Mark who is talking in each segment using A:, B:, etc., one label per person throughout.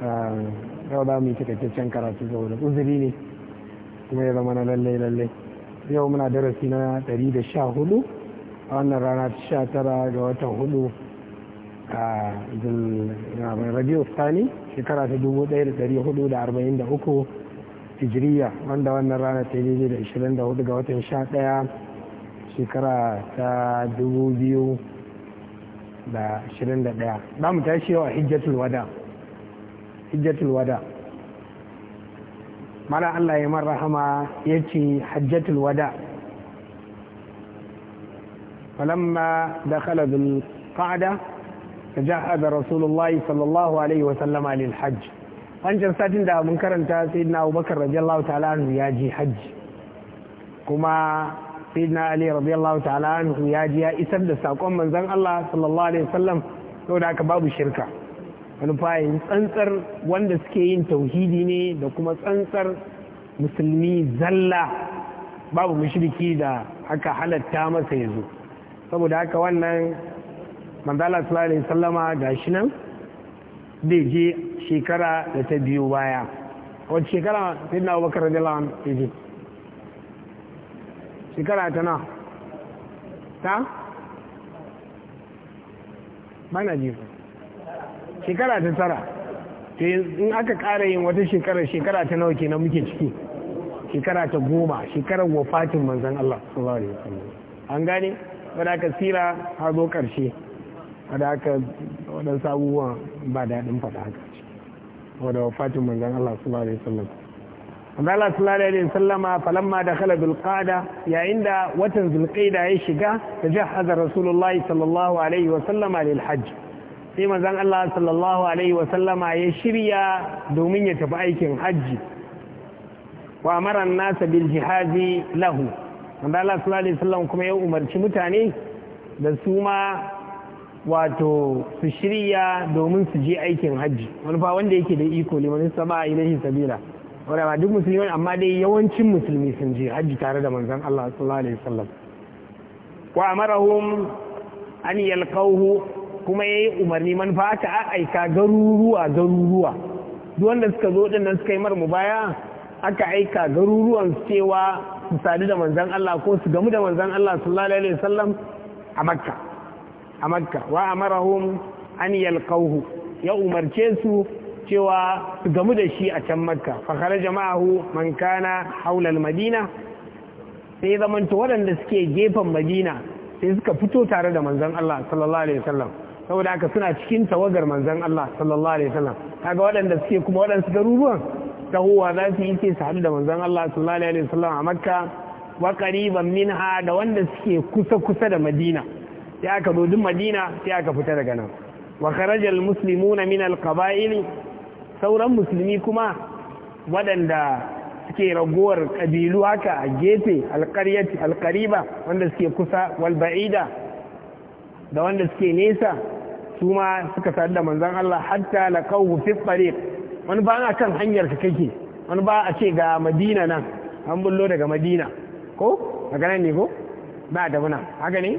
A: yau za mu yi cikakken karatu saboda uzuri ne kuma ya zama na lallai lallai yau muna darasi na 114 a wannan rana ta 19 ga watan hudu a radio sani shekara ta 1443 hijiriya wanda wannan rana ta yi da 24 ga watan 11 shekara ta 2021 za mu tashi yau a hijjatul wada hijjatul wada mala Allah ya mar rahama ya ce hajjatul wada falamma da khalabin fa'ada ta ja'ada rasulullahi sallallahu alaihi wa wasallama lil hajj wancan satin da mun karanta sai na abubakar radiyallahu ta'ala anhu ya je hajji kuma sai na ali radiyallahu ta'ala anhu ya je ya isar da saƙon manzon Allah sallallahu alaihi wa sallam saboda haka babu shirka alfayin tsantsar wanda suke yin tauhidi ne da kuma tsantsar musulmi zalla babu mushriki da aka halatta masa ya zo saboda haka wannan manzala sallallahu alaihi sallama ga shi nan zai je shekara da ta biyu baya wacce shekara sai na abubakar radiyallahu anhu ya je shekara ta na ta? mana jefa shekara ta tara to in aka ƙara yin wata shekara shekara ta nawa kenan muke ciki shekara ta goma shekarar wafatin manzan Allah sallallahu alaihi wasallam an gane wadda aka tsira har zo ƙarshe wadda aka waɗansu sabuwa ba daɗin faɗa haka wadda wafatin manzan Allah sallallahu alaihi wasallam Allah sallallahu alaihi wasallam falamma da khala bil qada yayin da watan zulqaida ya shiga tajahhaza rasulullahi sallallahu alaihi wasallama lil hajj sai manzon Allah sallallahu alaihi wa sallama ya shirya domin ya tafi aikin hajji wa amara nasa bil jihadi lahu wanda Allah sallallahu alaihi wa sallam kuma ya umarci mutane da su ma wato su shirya domin su je aikin hajji wani fa wanda yake da iko ne liman sama ilahi sabila wanda ba duk musulmi amma dai yawancin musulmi sun je hajji tare da manzon Allah sallallahu alaihi wa sallam wa amarahum an yalqawhu kuma ya yi umarni manufa aka aika garuruwa garuruwa duk wanda suka zo din nan suka yi mar baya aka aika garuruwan cewa su sadu da manzan Allah ko su gamu da manzan Allah sallallahu alaihi wasallam a makka a makka wa amarahum an yalqahu ya umarce su cewa su gamu da shi a can makka fa kharaja ma'ahu man kana haula al-madina sai zamanta waɗanda suke gefen madina sai suka fito tare da manzan Allah sallallahu alaihi wasallam saboda haka suna cikin tawagar manzon Allah sallallahu alaihi wasallam kaga waɗanda suke kuma waɗansu garuruwan tahowa za su yi ce su haɗu da manzon Allah sallallahu alaihi wasallam a Makka wa qariban minha da wanda suke kusa kusa da Madina sai aka zo duk Madina sai aka fita daga nan wa kharaja al-muslimuna min al-qaba'il sauran musulmi kuma waɗanda suke ragowar ƙabilu haka a gefe alƙaryati alƙariba wanda suke kusa Walbaida da wanda suke nesa su ma suka sadu da manzan Allah hatta laqawhu fi tariq wani ba a kan hanyar ka kake wani ba a ce ga Madina nan an bullo daga Madina ko daga nan ne ko ba da muna haka ne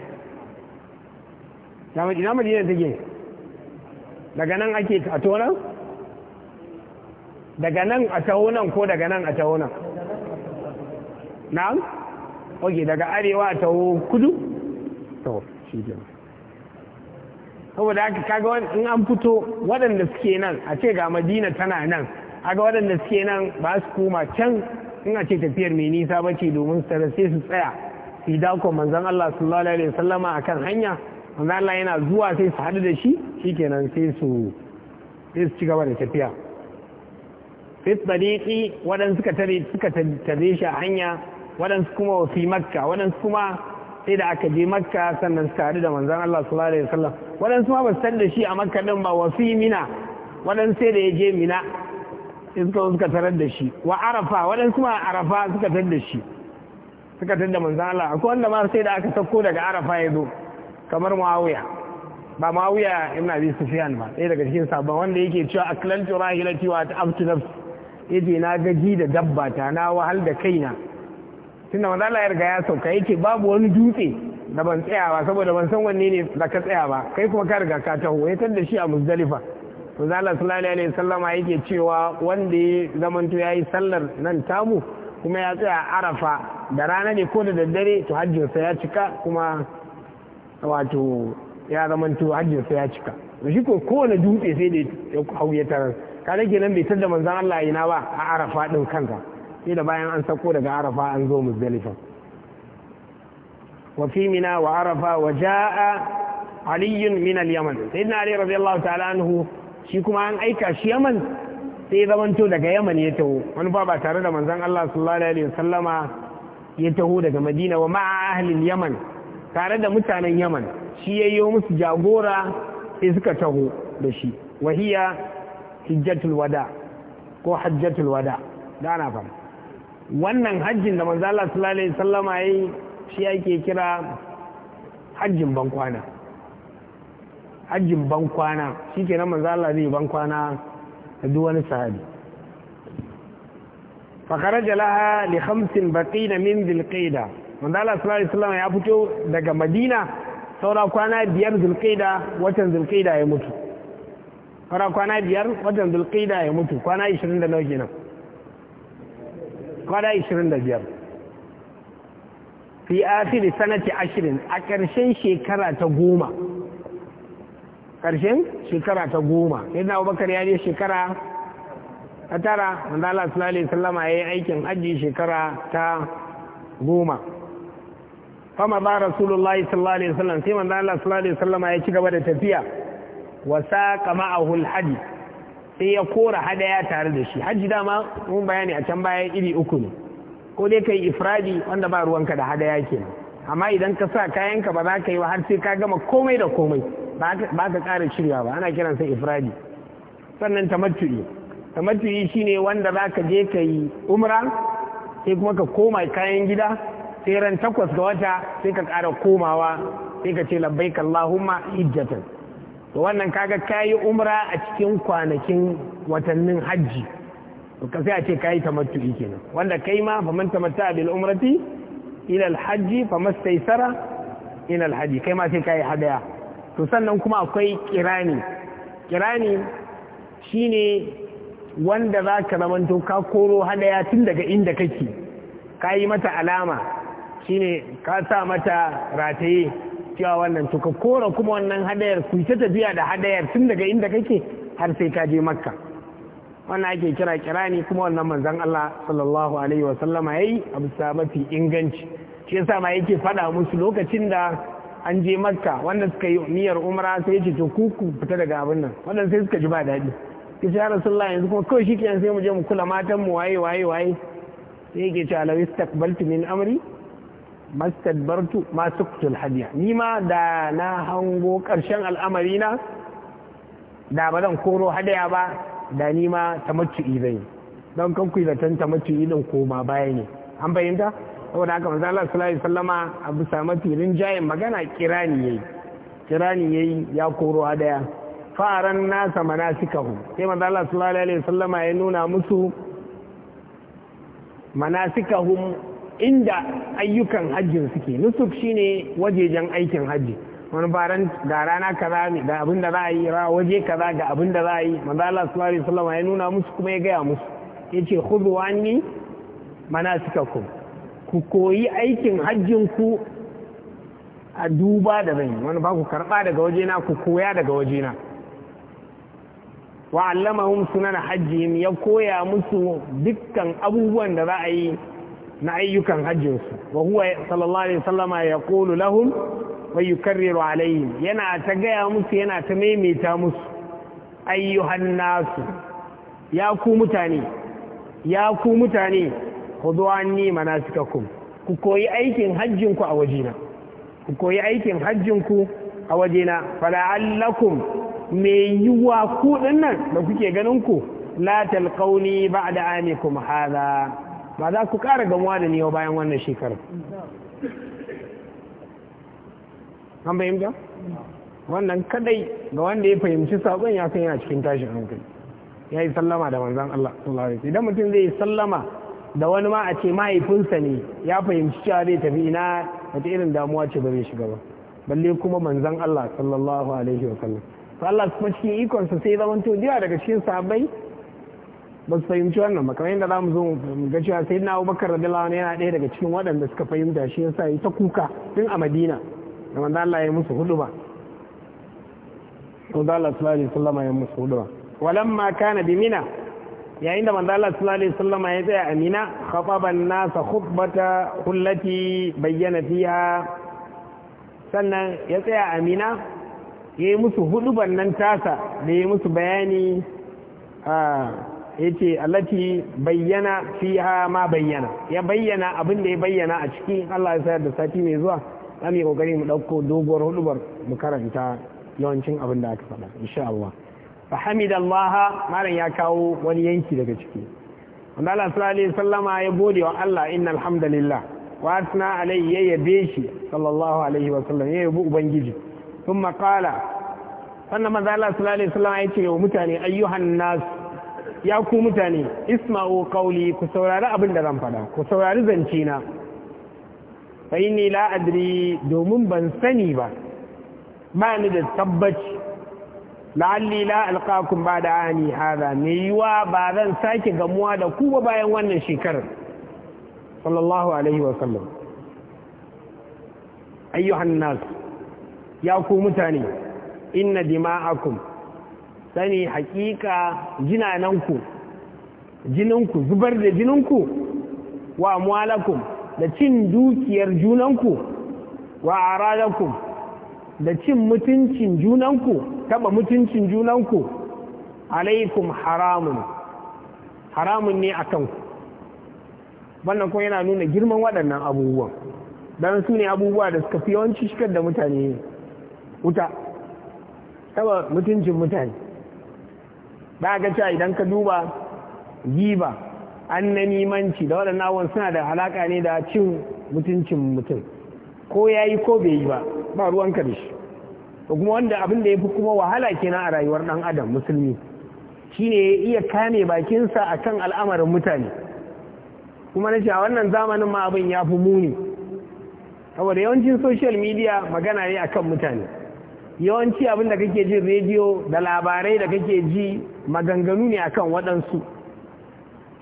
A: ina Madina take daga nan ake a tona daga nan a taho nan ko daga nan a taho nan na'am oke daga arewa a taho kudu to shi kenan saboda haka kaga in an fito waɗanda suke nan a ce ga madina tana nan aga waɗanda suke nan ba su koma can in a ce tafiyar mai nisa ba ce domin su tara sai su tsaya su dako manzon Allah sallallahu alaihi wasallama akan hanya manzon Allah yana zuwa sai su haɗu da shi shikenan sai su sai su ci gaba da tafiya fi tsariƙi suka tare shi a hanya waɗansu kuma fi makka waɗansu kuma sai da aka je makka sannan suka haɗu da manzan Allah sallallahu alaihi wasallam waɗansu ma ba su san da shi a makka ɗin ba wa fi mina waɗansu sai da ya je mina in suka suka tarar da shi wa arafa waɗansu ma arafa suka tarar da shi suka tarar da manzan Allah akwai wanda ma sai da aka sauko daga arafa ya zo kamar muawiya ba muawiya ibn abi sufyan ba ɗaya daga cikin sabon wanda yake cewa aklantu rahilati wa ta'abtu nafsi yace na gaji da dabba ta na wahal da kaina tunda wanda Allah ya riga ya sauka yake babu wani dutse da ban tsaya ba saboda ban san wanne ne da ka tsaya ba kai kuma ka riga ka taho ya tar da shi a Muzdalifa manzo Allah sallallahu alaihi wasallama yake cewa wanda ya zamanto yayi sallar nan tamu kuma ya tsaya Arafa da rana ne ko da daddare to hajjinsa ya cika kuma wato ya zamanto hajjinsa ya cika shi ko kowane dutse sai da ya hau ya tarar kenan bai tar da Allah ina ba a Arafa din kansa da bayan an sako daga arafa an zo muzdalifa wa fi mina wa arafa wa ja'a aliyun min al-yaman sayyidina ali radiyallahu ta'ala anhu shi kuma an aika shi yaman sai zamanto daga yaman ya taho wani ba ba tare da manzon Allah sallallahu alaihi wasallama ya taho daga madina wa ma'a ahli yaman tare da mutanen yaman shi yayyo musu jagora sai suka taho da shi wahiya hijjatul wada ko hajjatul wada da ana fara wannan hajjin da manzo Allah sallallahu alaihi wasallama yayi shi ake kira hajjin bankwana hajjin bankwana shi shikenan manzo Allah zai bankwana da duk wani sahabi فخرج لها li بقين من ذي القيدة من الله صلى الله عليه وسلم ya fito daga Madina saura kwana biyar zulqaida watan zulqaida ya mutu saura kwana biyar watan zulqaida ya mutu kwana 20 da nawa kenan kwana 25 fi asiri sanati ashirin a ƙarshen shekara ta goma ƙarshen shekara ta goma yadda abubakar ya je shekara ta tara wanda Allah sallallahu alaihi sallama ya yi aikin hajji shekara ta goma fama ba rasulullah sallallahu alaihi wasallam sai manzo Allah sallallahu alaihi sallama ya ci gaba da tafiya wa saqa ma'ahu al-hadith sai ya kora hadaya tare da shi hajji dama mun bayani a can baya iri uku ne ko dai kai ifradi wanda ba ruwanka da hadaya kenan amma idan ka sa kayanka ba za ka yi wa har sai ka gama komai da komai ba ka ƙara shirya ba ana kiran sai ifradi sannan tamattu'i tamattu'i shine wanda za ka je ka yi umra sai kuma ka koma kayan gida sai ran takwas ga wata sai ka ƙara komawa sai ka ce labbaik allahumma hijjatan to wannan kaga kayi umra a cikin kwanakin watannin hajji to ka sai a ce kayi tamattu'i kenan wanda kai ma fa man tamatta bil umrati ila al hajji fa mastaysara ila al hajji kai ma sai kayi hadaya to sannan kuma akwai kirani kirani shine wanda za ka zamanto ka koro hadaya tun daga inda kake ka yi mata alama shine ka sa mata rataye cewa wannan to ka kora kuma wannan hadayar ku ta tafiya da hadayar tun daga inda kake har sai ka je makka wannan ake kira kira kirani kuma wannan manzon Allah sallallahu alaihi wa sallama yayi abu mafi inganci shi yasa ma yake faɗa musu lokacin da an je makka wanda suka yi niyyar umra sai yace to ku ku fita daga abin nan wannan sai suka ji ba daɗi kace ya rasulullah yanzu kuma kawai shikenan sai mu je mu kula matan mu waye waye waye sai yake cewa min amri mastadbartu ma suktul hadiya ni ma da na hango ƙarshen al'amari na da ba zan koro hadaya ba da ni ma tamattu'i zai don kan kuyi zaton tamattu'i din koma baya ne an bayyanta saboda haka manzo Allah sallallahu alaihi wasallama Abu Samati mafi magana kirani yayi kirani yayi ya koro hadaya faran nasa manasikahu sai manzo Allah sallallahu alaihi wasallama ya nuna musu manasikahum inda ayyukan hajjin suke nusuk shine wajejen aikin hajji wani baran ga rana kaza ga abin da za a yi ra waje kaza ga abin da za a yi manzo Allah sallallahu alaihi wasallam ya nuna musu kuma ya gaya musu yace khudhu anni manasikakum ku koyi aikin hajjin ku a duba da zan wani ba ku karba daga wajena ku koya daga wajena wa allamahum sunan hajjihim ya koya musu dukkan abubuwan da za a yi na ayyukan hajjinsu wa huwa sallallahu alaihi wasallama ya kulu lahum wa yukarriru alaihim yana ta gaya musu yana ta maimaita musu ayyuhan nasu ya ku mutane ya ku mutane hudu anni manasikakum ku koyi aikin hajjinku a wajena ku koyi aikin hajjinku a wajena fala'allakum mai yiwuwa ku nan da kuke ganin ku la talqauni ba'da amikum hadha ba za ku ƙara gamuwa da niyo bayan wannan shekarar an fahimta wannan kadai ga wanda ya fahimci saƙon ya kan yana cikin tashin hankali ya yi sallama da manzan Allah sallallahu alaihi idan mutum zai yi sallama da wani ma a ce mahaifinsa ne ya fahimci cewa zai tafi ina wata irin damuwa ce ba zai shiga ba balle kuma manzan Allah sallallahu alaihi wa sallam to Allah kuma cikin ikonsa sai zama to daga cikin sahabbai ba su fahimci wannan ba kamar yadda za mu zo mu ga cewa sai na abubakar radiyallahu anhu yana ɗaya daga cikin waɗanda suka fahimta shi yasa yi ta kuka tun a madina da manzo Allah ya musu hudu ba manzo Allah sallallahu alaihi wasallam ya musu hudu ba walamma kana bi mina yayin da manzo Allah sallallahu alaihi wasallam ya tsaya a mina khataba an-nas khutbata allati bayyana fiha sannan ya tsaya a mina yi musu hudu nan tasa da ya yi musu bayani a ah, yace allati bayyana fiha ma bayyana ya bayyana abin da ya bayyana a cikin Allah ya sayar da sati mai zuwa zamu yi kokari mu dauko doguwar hudubar mu karanta yawancin abin da aka faɗa insha Allah fa hamidallaha malam ya kawo wani yanki daga ciki wanda Allah sallallahu alaihi wasallama ya gode wa Allah innal hamdalillah wa asna alayhi ya yabe shi sallallahu alaihi wa sallam ya yabi ubangiji thumma qala sannan manzo Allah sallallahu alaihi wasallama ya ce wa mutane ayyuhan nas ya ku mutane isma'u ƙauli ku saurari abin da zan faɗa ku saurari zance na fa inni domin ban sani ba ba ni da tabbaci la'alli la ba'da ani hada me yiwa ba zan sake gamuwa da ku ba bayan wannan shekarar sallallahu alaihi wa sallam ayyuhan nas ya ku mutane inna dima'akum sani hakika jinananku jininku zubar da jininku wa amwalakum da cin dukiyar junanku wa aradakum da cin mutuncin junanku taba mutuncin junanku alaikum haramun haramun ne a kanku wannan kuma yana nuna girman waɗannan abubuwan don su ne abubuwa da suka fi yawanci shigar da mutane wuta taba mutuncin mutane za ga cewa idan ka duba giba an na nimanci da waɗannan awon suna da halaka ne da cin mutuncin mutum ko ya yi ko bai yi ba ba ruwan da shi kuma wanda abin da ya fi kuma wahala kenan a rayuwar ɗan adam musulmi shine ya iya kame bakinsa a kan al'amarin mutane kuma na cewa wannan zamanin ma abin ya fi muni saboda yawancin social media magana ne akan mutane yawanci abin da kake jin rediyo da labarai da kake ji maganganu ne akan waɗansu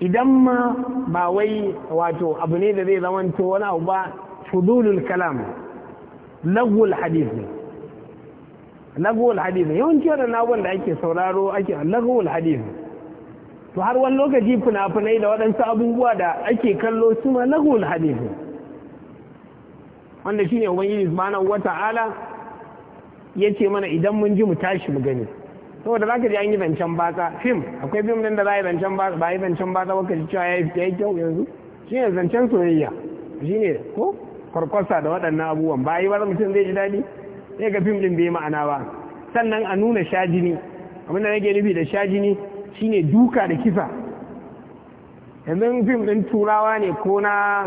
A: idan ma ba wai wato abu ne da zai zamanto wani abu ba fudulul kalam lagwul hadith ne lagwul hadith ne yawanci waɗannan abubuwan da ake sauraro ake lagwul hadith to har wani lokaci fina-finai da waɗansu abubuwa da ake kallo su ma lagwul hadith wanda shine ubangiji subhanahu wata'ala ya ce mana idan mun ji mu tashi mu gani saboda za ka ji an yi zancen batsa fim akwai fim din da za a yi zancen batsa ba a yi zancen batsa ba ka ji cewa ya yi kyau yanzu shi ne zancen soyayya shi ne ko kwarkwasa da waɗannan abubuwan ba a yi wani mutum zai ji daɗi sai ga fim ɗin bai ma'ana ba sannan a nuna shajini abin da nake nufi da shajini ne duka da kisa yanzu fim ɗin turawa ne ko na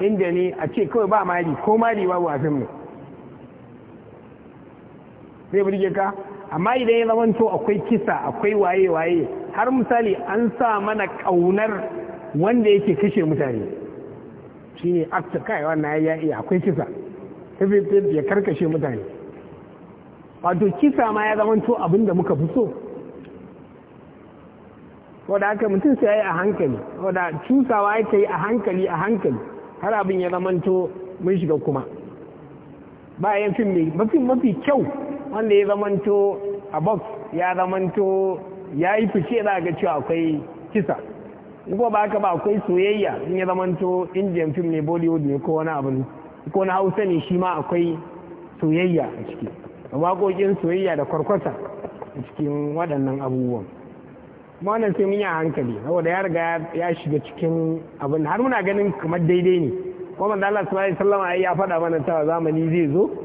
A: indiya ne a ce kawai ba mari ko mari babu a fim ne zai burge ka amma idan ya zama to akwai kisa akwai waye waye har misali an sa mana kaunar wanda yake kashe mutane shi ne akta kai wannan ya yi akwai kisa ya karkashe mutane wato kisa ma ya zama to abin da muka fi so wadda aka mutum sai ya yi a hankali wadda cusawa ya yi a hankali a hankali har abin ya zama to mun shiga kuma bayan fim mafi kyau wanda ya zamanto a box ya zamanto ya yi fice za ga cewa akwai kisa ko ba haka ba akwai soyayya in ya zamanto indian film ne bollywood ne ko wani abu ko na hausa ne shi ma akwai soyayya a ciki waƙoƙin soyayya da kwarkwata a cikin waɗannan abubuwan wannan sai mun yi a hankali saboda ya riga ya shiga cikin abin har muna ganin kamar daidai ne kuma manzo Allah sallallahu alaihi wasallam ya faɗa mana cewa zamani zai zo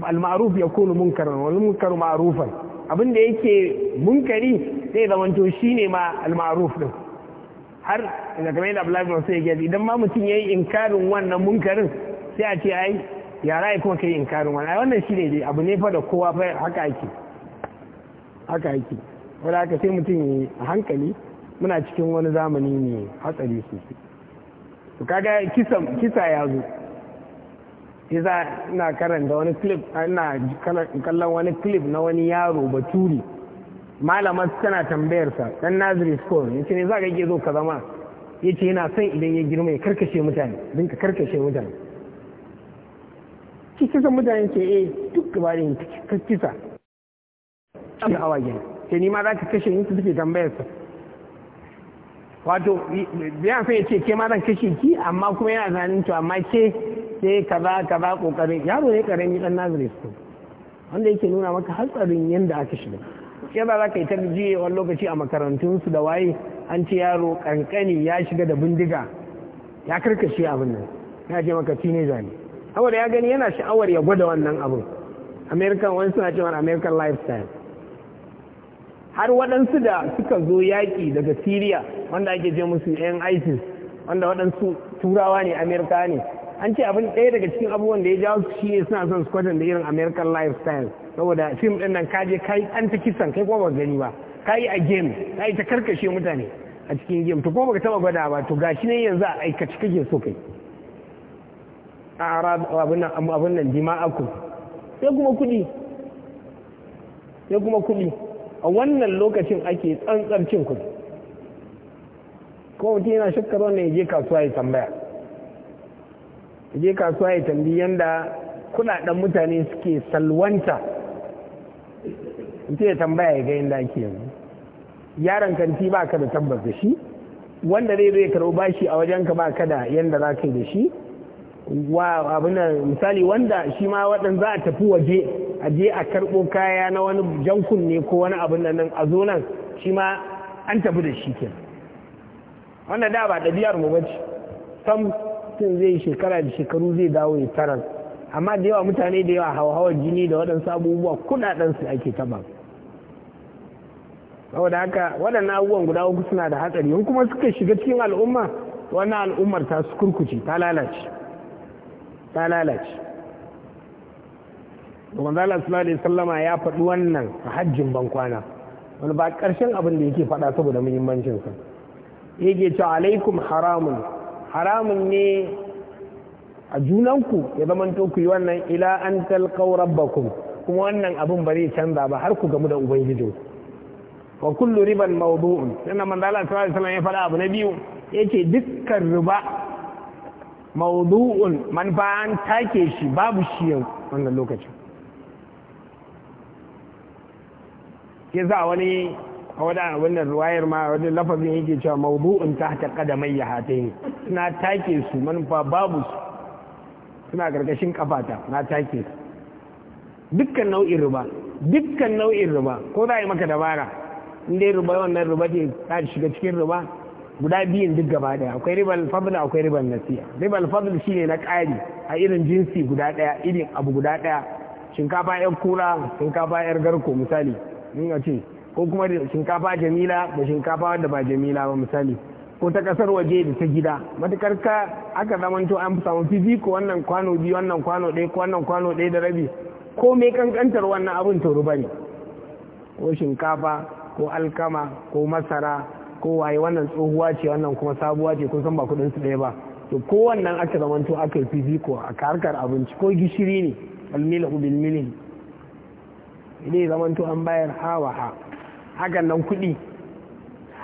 A: al-ma'ruf yakunu munkaran wal munkaru ma'rufan abin da yake munkari zai zamanto shine ma al-ma'ruf din har da kamar yadda Abdullahi bin ya yake idan ma mutum yayi inkarin wannan munkarin sai a ce ai ya rai kuma kai inkarin wannan wannan shine dai abu ne fa da kowa fa haka yake haka ake wanda haka sai mutum a hankali muna cikin wani zamani ne hatsari sosai to kaga kisa kisa ya zo tiza ina karanta wani clip ina kallon wani clip na wani yaro baturi malamar tana tambayarsa dan nazari school yace ne za ka ke zo ka zama yace yana son idan ya girma ya karkashe mutane ka karkashe mutane ki kisa mutane ke eh duk gabarin ka kisa shi hawa gina ke ni ma za ka kashe ni tambayar sa wato biyan sai ya ce ke ma zan kashe ki amma kuma yana zanen to amma ke sai kaza kaza kokarin yaro ne karami dan nazari su wanda yake nuna maka hatsarin yanda aka shiga ke ba za ka yi ta jiye wani lokaci a makarantunsu da waye an ce yaro kankani ya shiga da bindiga ya karkashe abin nan ya ce maka teenager ne saboda ya gani yana sha'awar ya gwada wannan abu american wani suna cewa american lifestyle har waɗansu da suka zo yaƙi daga syria wanda ake je musu yan isis wanda waɗansu turawa ne amerika ne an ce abin ɗaya daga cikin abubuwan da ya jawo su shi suna son su kwatanta irin american lifestyle saboda fim ɗin nan kaje kai an ta kisan kai kuma ba gani ba kai a game kai ta karkashe mutane a cikin game to ko baka taba gwada ba to gashi ne yanzu a aikace kake so kai a arab abin nan jima'akum sai kuma kuɗi sai kuma kuɗi a wannan lokacin ake tsantsar cin kuɗi ko mutum yana shakkar wannan ya je kasuwa ya tambaya je kasuwa ya tambi yanda kudaden mutane suke salwanta mutum ya tambaya ya ga yanda ake yanzu yaron kanti ba ka da tabbas da shi wanda zai zai karɓi bashi a wajen ka ba ka da yanda za ka yi da shi wa abin misali wanda shi ma waɗanda za a tafi waje a je a karɓo kaya na wani jankun ne ko wani abin nan a zo nan shi ma an tafi da shi kenan wanda da ba ɗabi'ar mu bace sam mutum zai shekara da shekaru zai dawo ya tarar amma da yawa mutane da yawa hauhawar jini da waɗansu abubuwa su ake taba saboda haka waɗannan abubuwan guda uku suna da hatsari in kuma suka shiga cikin al'umma wannan al'ummar ta su kurkuce ta lalace ta lalace zala su lalace sallama ya faɗi wannan a hajjin bankwana wani ba ƙarshen abin da yake faɗa saboda muhimmancinsa yake cewa alaikum haramun haramun ne a junanku ya zamanto ku yi wannan ila an talqaw rabbakum kuma wannan abin ba canza ba har ku gamu da ubangiji wa kullu riban mawdu'un sannan manzo Allah sallallahu alaihi wasallam ya faɗa abu na biyu yace dukkan riba mawdu'un man ba an take shi babu shi yau wannan lokacin yasa wani a wadda wannan ruwayar ma wadda lafazin yake cewa kadamai ya hata yi suna take su manufa babu su suna gargashin kafata na take su dukkan nau'in riba dukkan nau'in riba ko za a yi maka dabara in dai riba wannan riba ce ta shiga cikin riba guda biyun duk gaba daya akwai ribar fabula akwai ribar nasiya ribar fadl shine na kari a irin jinsi guda daya irin abu guda daya shinkafa yar kura shinkafa yar garko misali in ce ko kuma da shinkafa jamila da shinkafa wanda ba jamila ba misali ko ta kasar waje da ta gida matukar ka aka zamanto an samu fifiko wannan kwano biyu wannan kwano ɗaya ko wannan kwano ɗaya da rabi ko mai kankantar wannan abin ba ne ko shinkafa ko alkama ko masara ko waye wannan tsohuwa ce wannan kuma sabuwa ce kun san ba kuɗin su ɗaya ba to ko wannan aka zamanto aka yi fifiko a harkar abinci ko gishiri ne almila ubil milin ne zamanto an bayar hawa ha hakan nan kuɗi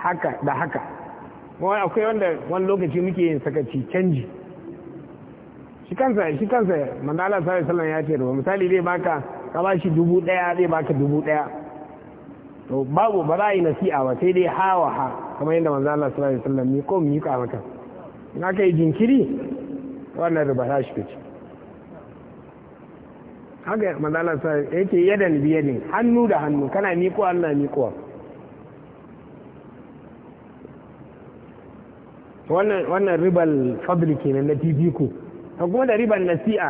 A: haka da haka akwai wanda wani lokaci muke yin sakaci canji shi kansa shi kansa manzala sallan ya ce da misali zai baka ka ba shi dubu ɗaya zai baka dubu ɗaya to babu ba za a yi nasi'a ba sai dai hawa ha kamar yadda Mandala, sallallahu alaihi wasallam ko mu yi ka maka in aka yi jinkiri wannan riba ta shi kace haka Mandala, sallallahu alaihi yake yadan biyadin hannu da hannu kana miƙo Allah miƙo wannan ribal fadli kenan na fifiko ta kuma da ribar nasi'a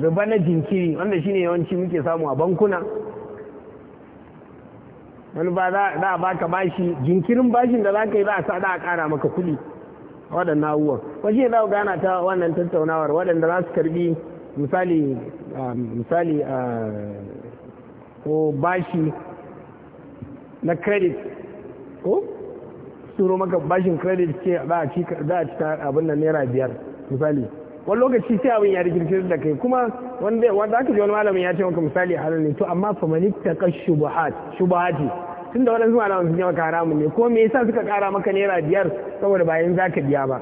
A: riba na jinkiri wanda shine yawanci muke samu a bankuna wani ba za a baka bashi jinkirin bashin da za ka yi za a sa da a kara maka kuɗi waɗannan abubuwan wajen za ku gana ta wannan tattaunawar waɗanda za su karbi misali misali ko bashi na credit ko turo maka bashin credit ce za a ci abin nan naira biyar misali wani lokaci sai abin ya rikirkir da kai kuma wanda wanda aka ji wani malamin ya ce maka misali a ne to amma fa mani ka shubuhat shubuhati tunda waɗansu malamin sun yi maka haramun ne ko me yasa suka kara maka naira biyar saboda bayan ka biya ba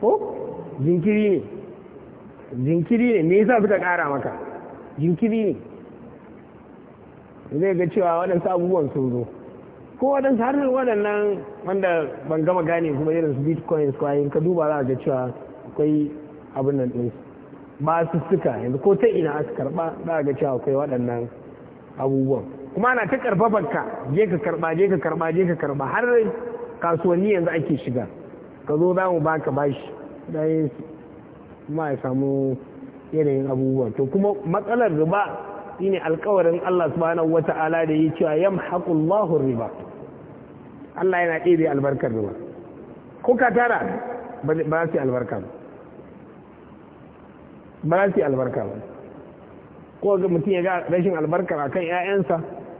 A: ko jinkiri ne jinkiri ne me yasa suka kara maka jinkiri ne zai ga cewa waɗansu abubuwan sun zo ko waɗansu har waɗannan wanda ban gama gane kuma irin su bitcoin kwayoyin ka duba za ga cewa akwai abin nan ɗin ba su suka yanzu ko ta ina aka karɓa za ga cewa akwai waɗannan abubuwan kuma ana ta karɓa ka je ka karɓa je ka karɓa je ka karɓa har kasuwanni yanzu ake shiga ka zo za mu ba baka bashi dai ma ya samu yanayin abubuwa to kuma matsalar riba shine alkawarin Allah subhanahu wata'ala da yi cewa yamhaqu Allahu riba Allah yana ɗebe albarkar riba ka tara ba za su albarka ba za su albarka ba ko ga mutum ya ga rashin albarkar akan ƴaƴansa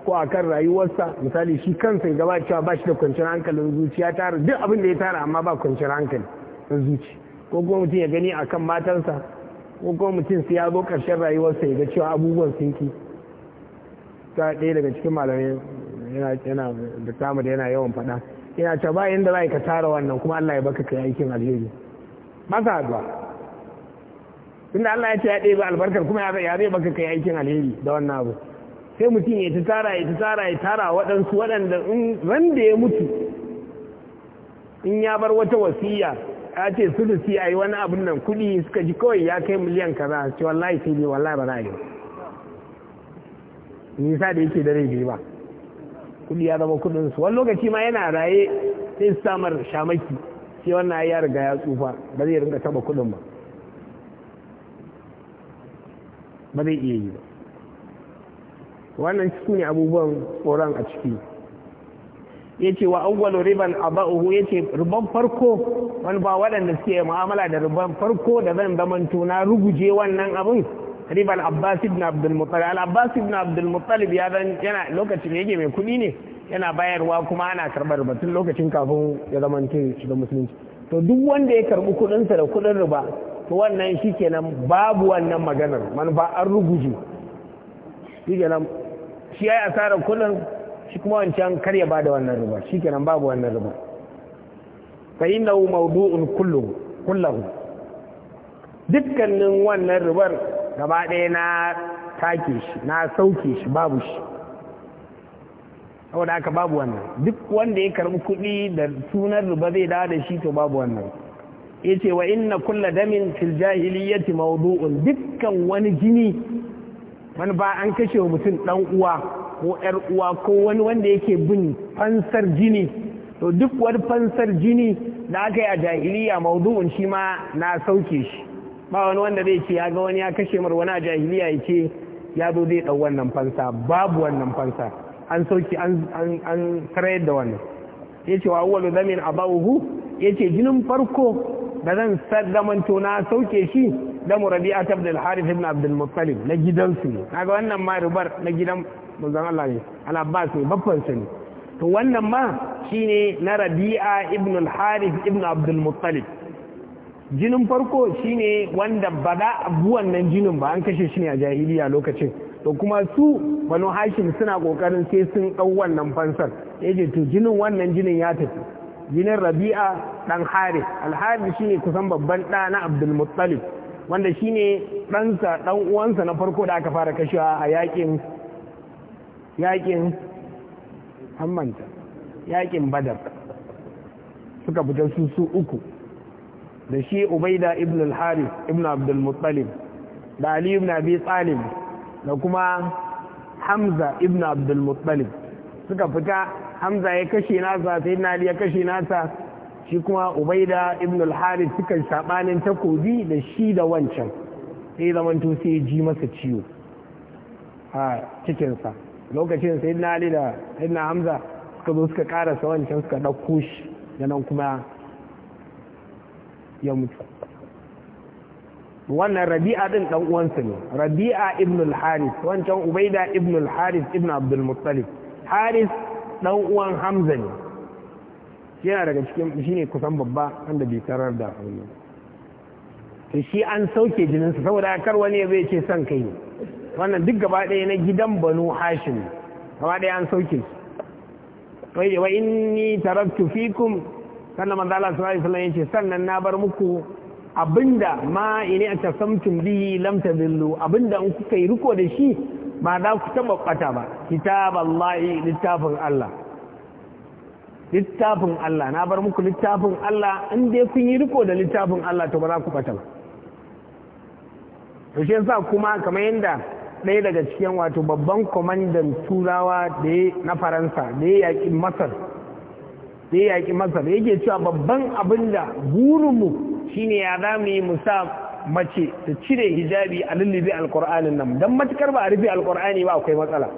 A: ko akan rayuwarsa misali shi kansa ya gaba cewa ba shi da kwanciyar hankalin zuciya tara duk abin da ya tara amma ba kwanciyar hankali na zuci ko kuma mutum ya gani akan matansa ko mutum sai ya zo ƙarshen rayuwarsa ya ga cewa abubuwan sun ki ta ɗaya daga cikin malamai yana da samu da yana yawan faɗa yana cewa ba inda za ka tara wannan kuma Allah ya baka kai aikin alheri masa addu'a tunda Allah ya ce ya ɗebe albarkar kuma ya zai baka kai aikin alheri da wannan abu sai mutum ya ta tara ya ta tara ya tara waɗansu waɗanda in ran ya mutu in ya bar wata wasiya a ce sulusi a yi wani abin nan kudi suka ji kawai ya kai miliyan kaza ce wallahi sai ne wallahi ba za a yi nisa da yake da rai ba kudi ya zama kudin su wani lokaci ma yana raye sai su samar shamaki sai wannan ya riga ya tsufa ba zai rinka taba kudin ba ba zai iya yi ba wannan su ne abubuwan tsoron a ciki yace wa awwalu riban aba'uhu yace riban farko wani ba waɗanda suke mu'amala da riban farko da zan zamanto na ruguje wannan abin riban Abbas ibn Abdul Muttalib al Abbas ibn Abdul Muttalib ya zan yana lokacin yake mai kuɗi ne yana bayarwa kuma ana karɓar riba tun lokacin kafin ya zamanto shiga musulunci to duk wanda ya karɓi kuɗinsa da kuɗin riba to wannan shikenan babu wannan maganar man ba an ruguje shikenan shi ya yi asarar kuɗin shi kuma wancan kar ya bada wannan ruba shi kenan babu wannan ruba fa innahu mawdu'un kulluhu kullahu dukkanin wannan rubar gaba ɗaya na take shi na sauke shi babu shi saboda haka babu wannan duk wanda ya karbi kuɗi da sunan ruba zai dawo da shi to babu wannan yace wa inna kulla damin fil jahiliyyati mawdu'un dukkan wani jini man ba an kashe mutum dan uwa ko ‘yar uwa ko wani wanda yake bin fansar jini to duk wani fansar jini da aka yi a jahiliya maudu'un shi ma na sauke shi ba wani wanda zai ce ya ga wani ya kashe mar a jahiliya ya ce ya zo zai ɗau wannan fansa babu wannan fansa an sauke an sarayar da wannan ya ce wa awwalu zamin abawuhu ya ce jinin farko da zan sadamanto na sauke shi da murabi a abdul harith ibn abdul muttalib na gidansu ne ga wannan ma rubar na gidan manzan Allah ne al-Abbas ne babban su ne to wannan ma shine na Rabi'a ibn al harif ibn Abdul jinin farko shine wanda ba da abuwan nan jinin ba an kashe shi ne a jahiliya lokacin to kuma su banu hashim suna kokarin sai sun dau wannan fansar yaje to jinin wannan jinin ya tafi jinin Rabi'a dan harif al shi shine kusan babban da na Abdul Muttalib wanda shine ɗansa ɗan uwansa na farko da aka fara kashewa a yakin yakin hammanta yakin badar suka fita su su uku da shi ubaida ibn al-harith ibn abdul muttalib da ali ibn abi talib da kuma hamza ibn abdul muttalib suka fita hamza ya kashe nasa sai na ya kashe nasa shi kuma ubaida ibn al-harith suka sabanin takobi da shi da wancan sai zamanto sai ji masa ciwo a cikinsa lokacin sai na ali da na hamza suka zo suka karasa wancan suka ɗauko shi da nan kuma ya mutu wannan rabi'a ɗin ɗan uwansa ne rabi'a ibn al-haris wancan ubaida ibn al-haris ibn abdul muttalib haris ɗan uwan hamza ne yana daga cikin shi ne kusan babba wanda bai tarar da aure. shi an sauke jininsa saboda kar wani ya bai ce son kai ne wannan duk gaba ɗaya na gidan banu hashim gaba ɗaya an sauke su ni ni taraktu fikum sannan manzo Allah sallallahu alaihi wasallam yace sannan na bar muku abinda ma ini a tasamtum biyu lam tadillu abinda in kuka yi riko da shi ba za ku taba kwata ba kitaballahi littafin Allah littafin Allah na bar muku littafin Allah in dai kun yi riko da littafin Allah to ba za ku bata ba to sa kuma kamar yanda ɗaya daga cikin wato babban kwamandan turawa da na faransa da ya yaƙi masar da ya yaƙi masar ke cewa babban abin da burinmu shine ya za mu yi musa mace ta cire hijabi a lullube alƙur'anin nan don matukar ba a rufe alƙur'ani ba akwai matsala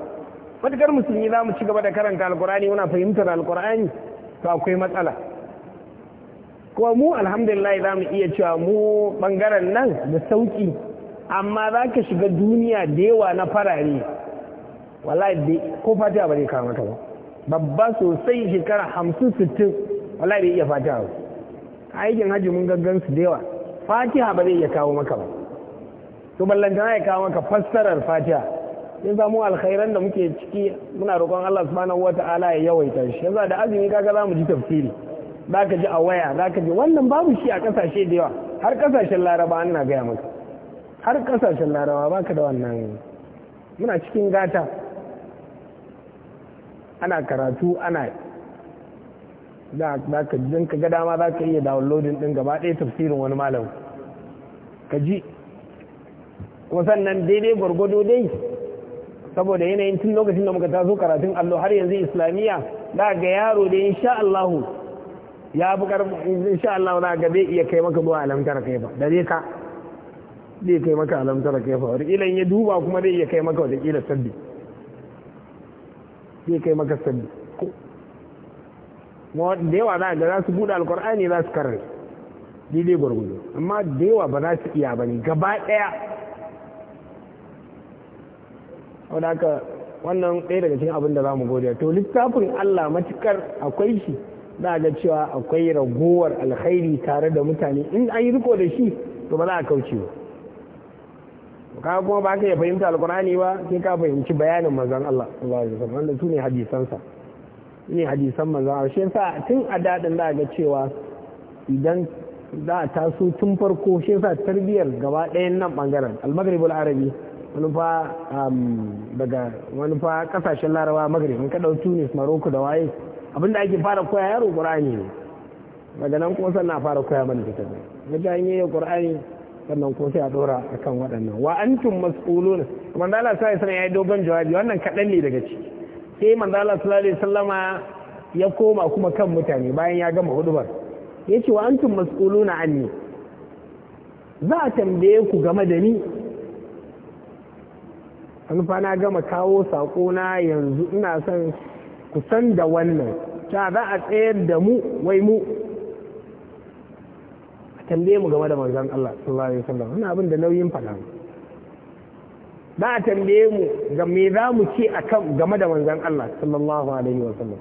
A: matukar musulmi za mu ci gaba da karanta alƙur'ani muna fahimtar alƙur'ani to akwai matsala kuma mu alhamdulillah za mu iya cewa mu bangaren nan da sauƙi. amma za ka shiga duniya da yawa na farare wallahi ko fatiha ba zai kawo maka ba babba sosai shekara hamsin sittin wallahi bai iya fatiha ba aikin hajji mun gaggan su da yawa fatiha ba zai iya kawo maka ba to ballantana ya kawo maka fassarar fatiha ya samu alkhairan da muke ciki muna roƙon Allah subhanahu Ta'ala ya yawaita shi yanzu da azumi kaga za mu ji tafsiri za ka ji a waya za ka ji wannan babu shi a ƙasashe da yawa har ƙasashen laraba ana gaya maka har kasashen larawa baka da wannan muna cikin gata ana karatu ana da ka jin ka ga dama za ka iya downloading din gaba ɗaya tafsirin wani malam ka ji kuma sannan daidai gwargwado dai saboda yanayin tun lokacin da muka taso karatun allo har yanzu islamiyya da ga yaro da insha Allah ya fi insha Allah za ga bai iya kai maka zuwa alamtar kai ba da ka zai kai maka alamtara kai fa wani ilan ya duba kuma zai iya kai maka kila sabbi zai kai maka sabbi da yawa za ga za su buɗe alkur'ani za su karre daidai gwargwado amma da yawa ba za su iya ba ne gaba ɗaya wadda haka wannan ɗaya daga cikin abin da za mu gode to littafin allah matukar akwai shi za ga cewa akwai ragowar alkhairi tare da mutane in an yi riko da shi to ba za a kauce ba ka kuma ba ka ya fahimta alkur'ani ba sai ka fahimci bayanin manzon Allah sallallahu alaihi wanda su ne hadisansa ne hadisan manzon Allah shi yasa tun a dadin za ga cewa idan za a taso tun farko shi yasa tarbiyyar gaba ɗayan nan bangaren al-maghribul arabi wani fa daga wani fa kasashen larawa maghrib in ka dau tunis maroko da waye abinda ake fara koya yaro qur'ani ne daga nan kuma sannan fara koya mana fitar da wajen yi qur'ani sannan ko sai a dora kan waɗannan wa antum mas'ulun manzo Allah sallallahu alaihi ya yi dogon jawabi wannan kaɗan ne daga ciki sai manzo Allah sallallahu alaihi wasallama ya koma kuma kan mutane bayan ya gama hudubar yace wa na mas'uluna anni za a tambaye ku game da ni an fa na gama kawo sako na yanzu ina son ku san da wannan ta za a tsayar da mu wai mu tambaye mu game da manzon Allah sallallahu alaihi wasallam ina abin da nauyin faɗa ba a tambaye mu ga me za mu ce akan game da manzon Allah sallallahu alaihi wasallam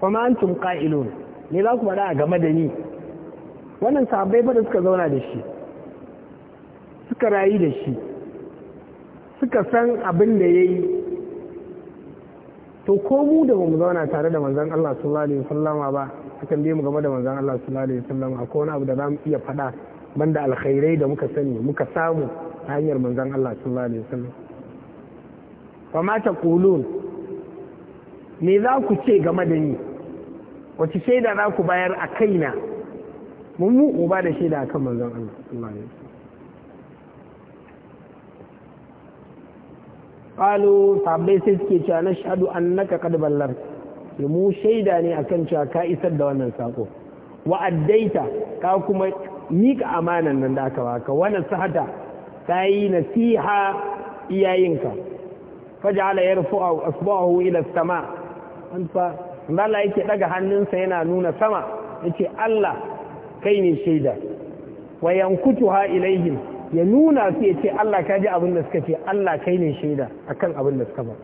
A: kuma tun qa'ilun me za ku faɗa game da ni wannan sabai ba da suka zauna da shi suka rayu da shi suka san abin da yayi to ko mu da mu zauna tare da manzon Allah sallallahu alaihi wasallama ba akan bi mu game da manzon Allah sallallahu alaihi wasallama akwai wani abu da zamu iya faɗa banda alkhairai da muka sani muka samu ta hanyar manzon Allah sallallahu alaihi wasallam fa ma taqulun me za ku ce game da ni wace shaida za ku bayar a kaina mun mu uba da shaida akan manzon Allah sallallahu alaihi wasallam qalu sahabbai sai suke cewa na naka annaka qad ballar mu shaida ne a kan cewa ka isar da wannan saƙo. wa addaita ka kuma mika amanan nan da aka baka wani sahata. Ta yi nasiha iyayenka faj'ala yarfa'u asbahu ila sama an fa ndala yake daga hannunsa yana nuna sama yace Allah kai ne shaida wa yankutuha ilaihim ya nuna su ya ce Allah ka ji abin da suka ce Allah kai ne shaida a kan abin da suka ba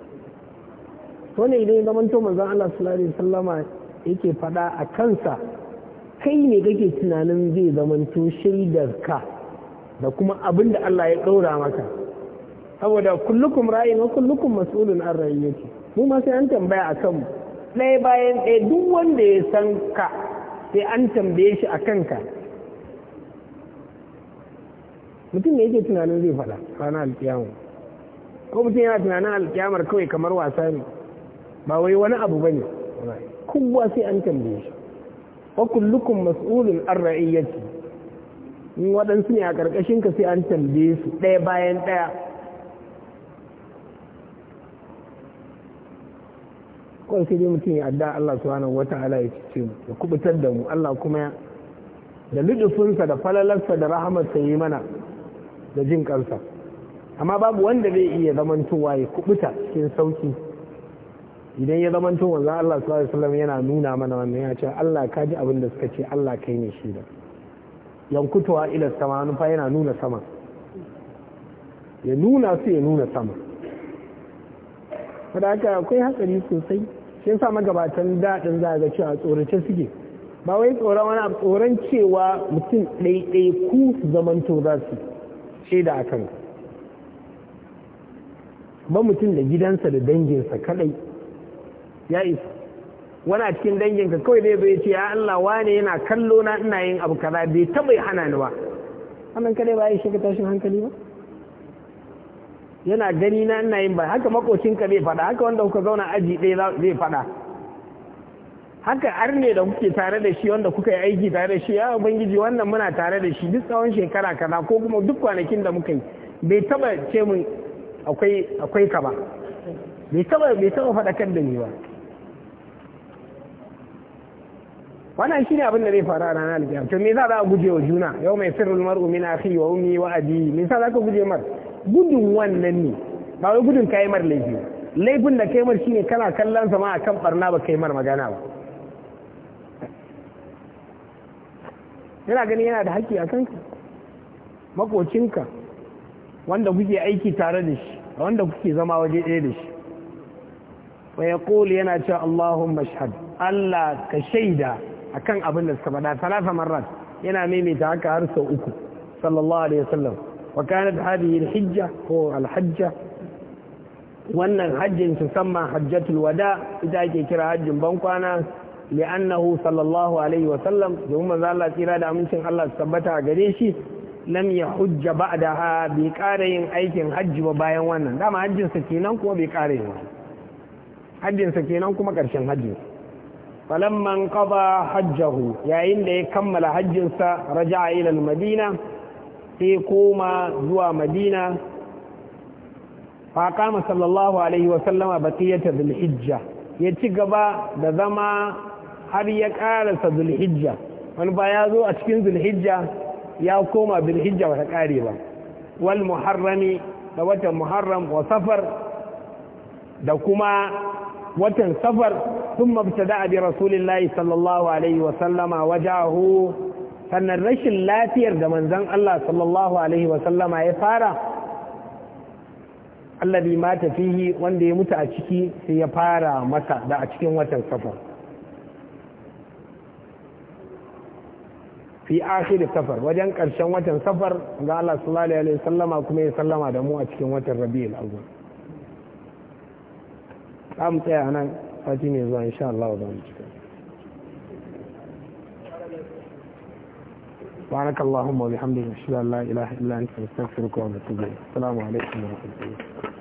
A: to ne idan ya zamanto manzan Allah sallallahu alaihi sallama yake faɗa a kansa kai ne kake tunanin zai zamanto shaidar ka da kuma abin da Allah ya ɗora maka saboda kullukum Ra'i na kullukum mas'ulun an ra'ayyaki mu ma sai an tambaya akan mu ɗaya bayan ɗaya duk wanda ya san ka sai an tambaye shi a kanka mutum ne yake tunanin zai fada ranar alkiyamu ko mutum yana tunanin alkiyamar kawai kamar wasa ne ba wai wani abu ba ne. kowa sai an tambaye shi wa kullukum mas'ulun an ra'iyyati in waɗansu ne a ƙarƙashin ka sai an tambaye su ɗaya bayan ɗaya kawai sai dai mutum ya adda Allah subhanahu ala ya ce mu ya kubutar da mu Allah kuma ya. da ludufinsa da falalarsa da rahamarsa yi mana da jin kansa amma babu wanda zai iya zamantowa ya kubuta cikin sauki idan ya zamanto wanzu Allah sallallahu alaihi wasallam yana nuna mana wannan ya ce Allah ka ji abin da suka ce Allah kai ne shi da yankutuwa ila sama fa yana nuna sama ya nuna su ya nuna sama kada haka akwai hatsari sosai shi yasa magabatan daɗin za ga cewa tsorace suke ba wai tsoron wani tsoron cewa mutum ɗaiɗaiku su zamanto za su shaida a kanka ba mutum da gidansa da danginsa kadai ya isa wani a cikin danginka kawai ne bai ce ya Allah wane yana kallo na ina yin abu kaza bai taba hana ni ba wannan kadai ba ya shiga tashin hankali ba yana gani na ina yin ba haka makocin ka zai faɗa haka wanda kuka zauna aji ɗaya zai faɗa haka arne da kuke tare da shi wanda kuka yi aiki tare da shi ya ubangiji wannan muna tare da shi duk tsawon shekara kaza ko kuma duk kwanakin da muka yi bai taba ce mun akwai akwai ka ba bai taba bai taba faɗakar da ni ba wannan shine abin da zai faru a ranar alƙiyama to me za a guje wa juna yau mai sirrul mar'u min akhi wa ummi wa abi me za ka guje mar gudun wannan ne ba wai gudun kai mar laifi laifin da kai mar shine kana kallon sa ma akan barna ba kai mar magana ba yana gani yana da haƙƙi a kanka makocinka wanda kuke aiki tare da shi wanda kuke zama waje ɗaya da shi wa ya yana cewa Allahumma mashhad Allah ka shaida akan abin da suka faɗa talata marrat yana maimaita haka har sau uku sallallahu alaihi wasallam wa kanat hadhihi al-hijja ko alhajja wannan hajjin tusamma hajjatul wada ita ake kira hajjin bankwana li'annahu sallallahu alaihi wa sallam domin manzo Allah tsira da amincin Allah su tabbata a gare shi lam ya hujja ba'daha bai ƙara yin aikin hajji ba bayan wannan dama hajjin sa kenan kuma bai ƙara yin hajjin sa kenan kuma ƙarshen hajji falamman qada hajjahu yayin da ya kammala hajjin sa raja'a ila al-madina sai koma zuwa madina faƙama sallallahu alaihi wasallama baƙiyata zulhijja ya ci gaba da zama har ya karasa zulhijja wani ba ya zo a cikin zulhijja ya koma zulhijja wata kare ba wal muharrami da watan muharram wa safar da kuma watan safar sun mabtada bi rasulillahi sallallahu alaihi wa sallama wajahu sannan rashin lafiyar da manzon Allah sallallahu alaihi wa sallama ya fara allabi ma tafihi wanda ya mutu a ciki sai ya fara masa da a cikin watan safar fi akhir safar wajen karshen watan safar ga Allah sallallahu alaihi wasallama kuma ya sallama da mu a cikin watan rabiul awwal am tsaya nan sati ne zuwa insha Allah za mu cika بارك اللهم وبحمدك اشهد ان لا اله الا انت استغفرك واتوب اليك السلام عليكم ورحمه الله